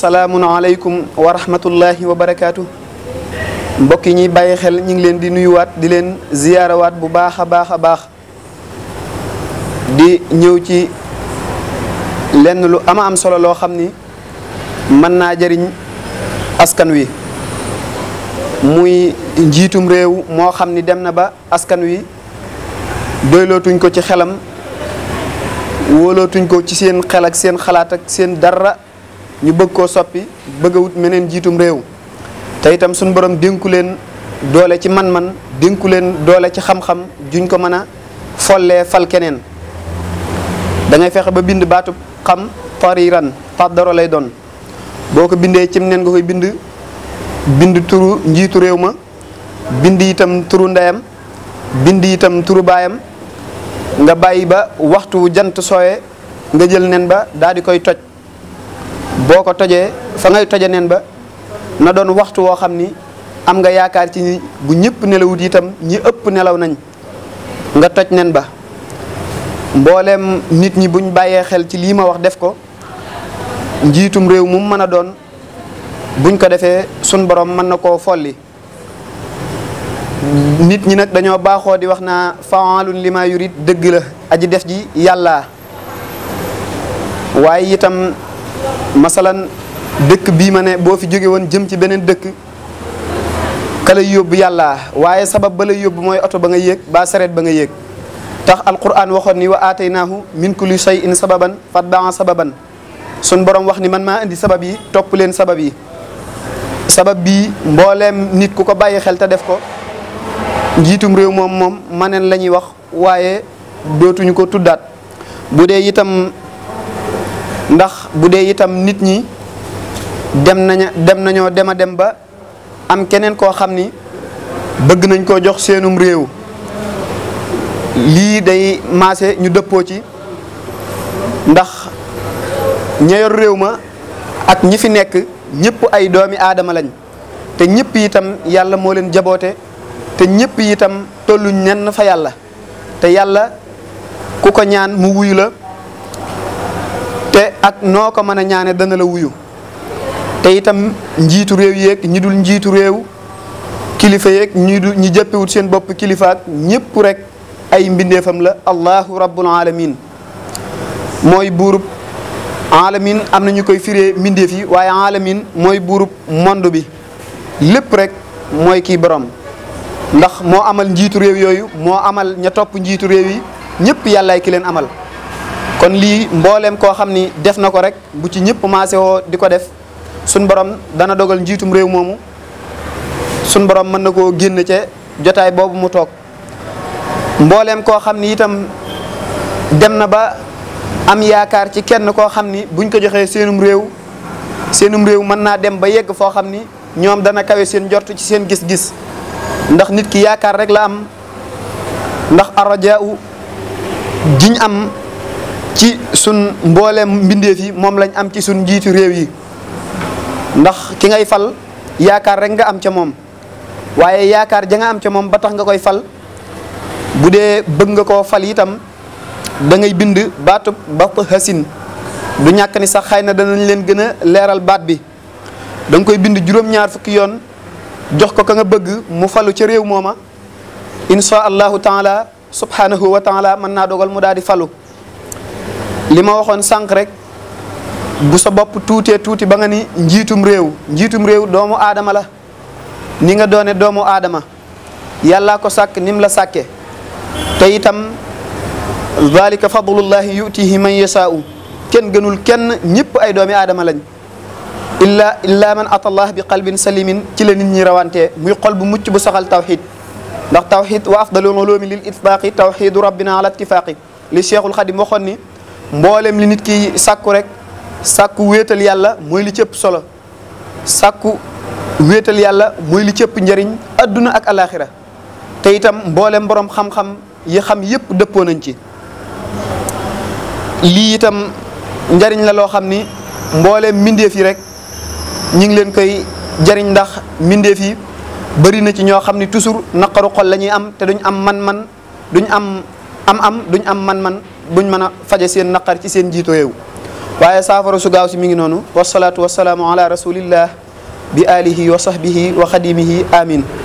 salaamualeykum wa rahmatullahi wa barakaatu mbokk yi ñuy bàyyi xel ñu ngi leen di nuyuwaat di leen ziyaarawaat bu baax a baax a baax di ñëw ci lenn lu ama am solo loo xam ni mën naa jariñ askan wi muy njiitum réew moo xam ni dem na ba askan wi doylootuñ ko ci xelam wóolootuñ ko ci seen xel seen xalaat ak seen dara. ñu bëgg koo soppi bëgg a wut meneen njiitum réew te itam suñu borom dénku leen doole ci man-man dénku leen doole ci xam-xam juñ ko mën a follee fal keneen dangay fexe ba bind baatub xam tariran paddaro lay doon boo ko bindee cim neen nga koy bind bind turu njiitu réew ma bind itam turu ndeyam bind itam turu baayam nga bàyyi ba waxtu jant sooye nga jël nen ba daal koy toj boo ko tojee fa ngay toje neen ba na doon waxtu woo xam ni am nga yaakaar ci ni bu ñëpp nelawut itam ñi ëpp nelaw nañ nga toj nen ba mbooleem nit ñi buñ bàyyee xel ci lii ma wax def ko njiitum réew mu mën a doon buñ ko defee sun borom mën na koo folli nit ñi nag dañoo baaxoo di wax na fa'aalun limaa yurid dëgg la aji def ji yàlla waaye itam masalan dëkk bii ma ne boo fi jóge woon jëm ci beneen dëkk ka lay yóbbu yàlla waaye sabab ba lay yóbbu mooy oto ba nga yéeg ba sareet ba nga yéeg tax alquran waxoon ni wa aataynaahu min kulli shay'in sababan fatbaa sababan sun boroom wax ni man maa indi sabab yi topp leen sabab yi sabab bii mbooleem nit ku ko bàyyi xel te def ko njiitum réew moom moom maneen la ñuy wax waaye dootuñu ko tuddaat bu dee itam ndax bu dee itam nit ñi dem nañu dem nañoo dem a dem ba am keneen koo xam ni bëgg nañ koo jox seenum réew lii day maase ñu dëppoo ci ndax ña yor réew ma ak ñi fi nekk ñépp ay doomi aadama lañ te ñëpp itam yàlla moo leen jaboote te ñépp itam tolluñ nenn fa yàlla te yàlla ku ko ñaan mu wuyu la te ak noo ko mën a ñaane dana la wuyu te itam njiitu réew yeeg ñi dul njiitu réew kilifa yeeg ñi dul ñi jëppewut seen bopp kilifa ak ñëpp rek ay mbindeefam la allahu rabbul alamin mooy buurub alamin am na koy firee mbindeef yi waaye alamin mooy buurub monde bi lépp rek mooy kii borom ndax moo amal njiitu réew yooyu moo amal ña topp njiitu réew yi ñëpp yàllaay ki leen amal kon lii mbooleem koo xam ni def na ko rek bu ci ñépp maase woo di ko def suñ borom dana dogal njiitum réew moomu suñ borom mën na koo génn ca jotaay boobu mu toog mbooleem koo xam ni itam dem na ba am yaakaar ci kenn koo xam ni buñ ko joxee seenum réew seenum réew mën naa dem ba yegg foo xam ni ñoom dana kawe seen jortu ci seen gis-gis ndax nit ki yaakaar rek la am ndax arrajaa u jiñ am ci sun mbooleem mbindeef yi moom lañ am ci sun njiitu réew yi ndax ki ngay fal yaakaar rek nga am ca moom waaye yaakaar ja am ca moom ba tax nga koy fal bu dee bëgg nga koo fal itam dangay bind baatu ba hasin ñàkk ni sax xëy na danañ leen gën a leeral baat bi danga koy bind juróom-ñaar fukki yoon jox ko ka nga bëgg mu falu ca réew mooma insha allahu taala subhanahu wa taala mën naa dogal mu daal di falu li ma waxoon sànq rek bu sa bopp tuutee tuuti ba nga ni njiitum réew njiitum réew doomu aadama la ni nga doone doomu aadama yàllaa ko sàkk nim la sàkke te itam dalika fadlullahi yutihi man yasaau kenn gënul kenn ñëpp ay doomi aadama lañ illa illa man atallah bi qalbin salimin ci la nit ñi rawante muy xol bu mucc bu saxal tawxid ndax tawxid wa afdalul ulumi lil itlaaqi tawxidu rabbina ala ittifaaqi li cheikhul xadim waxoon ni mboolem li nit ki sàkku rek sàkku wéetal yàlla mooy li cëpp solo sàkku wéetal yàlla mooy li cëpp njariñ adduna ak alaaxira te itam mboolem borom xam-xam yi xam yépp dëppoo nañ ci lii itam njariñ la loo xam ni mboolem mbindeef yi rek ñu ngi leen koy jariñ ndax mbindeef yi bëri na ci ñoo xam ni toujours naqaru xol lañuy am te duñ am man-man duñ am am-am duñ am man-man buñ mën a faje seen naqar ci seen jiito yow waaye saafara su gaaw si mi ngi noonu wasalaatu wasalaamu ala rasulillah bi alihi wa sahbihi wa xadimihi amin